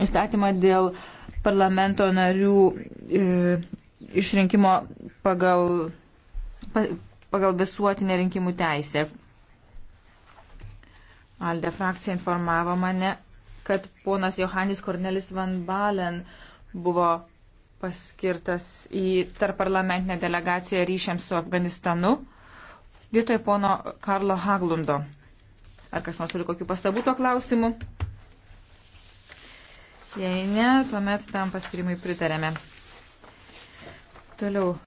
įstatymą dėl parlamento narių e, išrinkimo pagal, pa, pagal visuotinę rinkimų teisę. Alde frakcija informavo mane, kad ponas Johannis Kornelis Van Balen buvo paskirtas į tarparlamentinę delegaciją ryšiams su Afganistanu vietoj pono Karlo Haglundo. Ar kas nors turi kokių pastabų tuo klausimu? Jei ne, tuomet tam paskirimui pritarėme. Toliau.